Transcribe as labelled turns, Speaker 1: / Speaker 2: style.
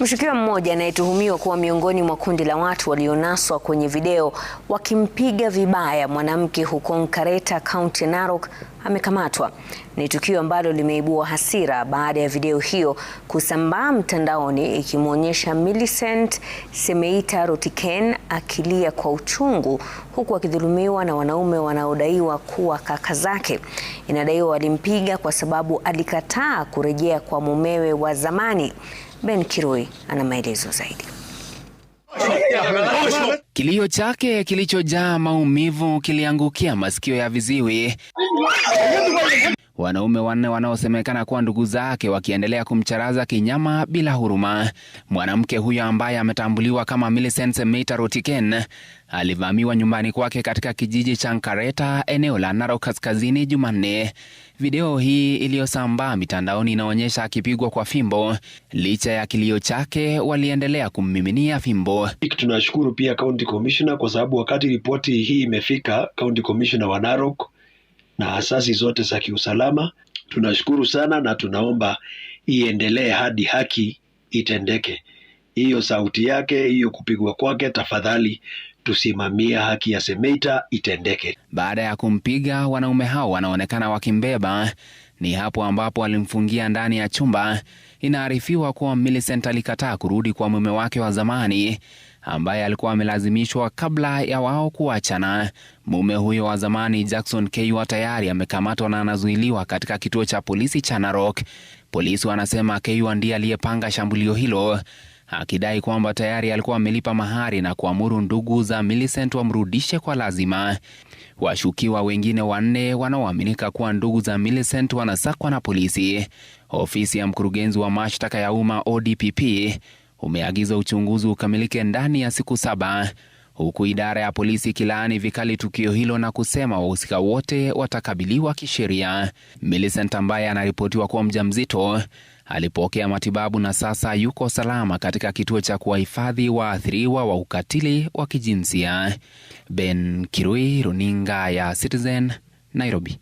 Speaker 1: Mshukiwa mmoja anayetuhumiwa kuwa miongoni mwa kundi la watu walionaswa kwenye video wakimpiga vibaya mwanamke huko Nkareta, kaunti ya Narok amekamatwa. Ni tukio ambalo limeibua hasira baada ya video hiyo kusambaa mtandaoni ikimwonyesha Millicent Semeita Rotiken akilia kwa uchungu huku akidhulumiwa na wanaume wanaodaiwa kuwa kaka zake. Inadaiwa walimpiga kwa sababu alikataa kurejea kwa mumewe wa zamani. Ben Kirui ana maelezo zaidi.
Speaker 2: Kilio chake kilichojaa maumivu kiliangukia masikio ya viziwi wanaume wanne wanaosemekana kuwa ndugu zake wakiendelea kumcharaza kinyama bila huruma. Mwanamke huyo ambaye ametambuliwa kama Millicent Meita Rotiken alivamiwa nyumbani kwake katika kijiji cha Nkareta, eneo la Narok Kaskazini, Jumanne. Video hii iliyosambaa mitandaoni inaonyesha akipigwa kwa fimbo. Licha ya kilio chake, waliendelea kummiminia fimbo.
Speaker 3: Tunashukuru pia kaunti komishona kwa sababu wakati ripoti hii imefika, kaunti komishona wa Narok na asasi zote za kiusalama. Tunashukuru sana na tunaomba iendelee hadi haki itendeke. Hiyo sauti yake, hiyo kupigwa kwake, tafadhali tusimamia haki ya Semeita itendeke.
Speaker 2: Baada ya kumpiga, wanaume hao wanaonekana wakimbeba ni hapo ambapo alimfungia ndani ya chumba. Inaarifiwa kuwa Millicent alikataa kurudi kwa mume wake wa zamani ambaye alikuwa amelazimishwa kabla ya wao kuachana. Mume huyo wa zamani Jackson Kaywa tayari amekamatwa na anazuiliwa katika kituo cha polisi cha Narok. Polisi wanasema Kaywa ndiye aliyepanga shambulio hilo akidai kwamba tayari alikuwa amelipa mahari na kuamuru ndugu za Millicent wamrudishe kwa lazima. Washukiwa wengine wanne wanaoaminika kuwa ndugu za Millicent wanasakwa na polisi. Ofisi ya mkurugenzi wa mashtaka ya umma ODPP umeagiza uchunguzi ukamilike ndani ya siku saba huku idara ya polisi ikilaani vikali tukio hilo na kusema wahusika wote watakabiliwa kisheria. Millicent ambaye anaripotiwa kuwa mjamzito alipokea matibabu na sasa yuko salama katika kituo cha kuwahifadhi waathiriwa wa ukatili wa kijinsia. Ben Kirui, runinga ya Citizen, Nairobi.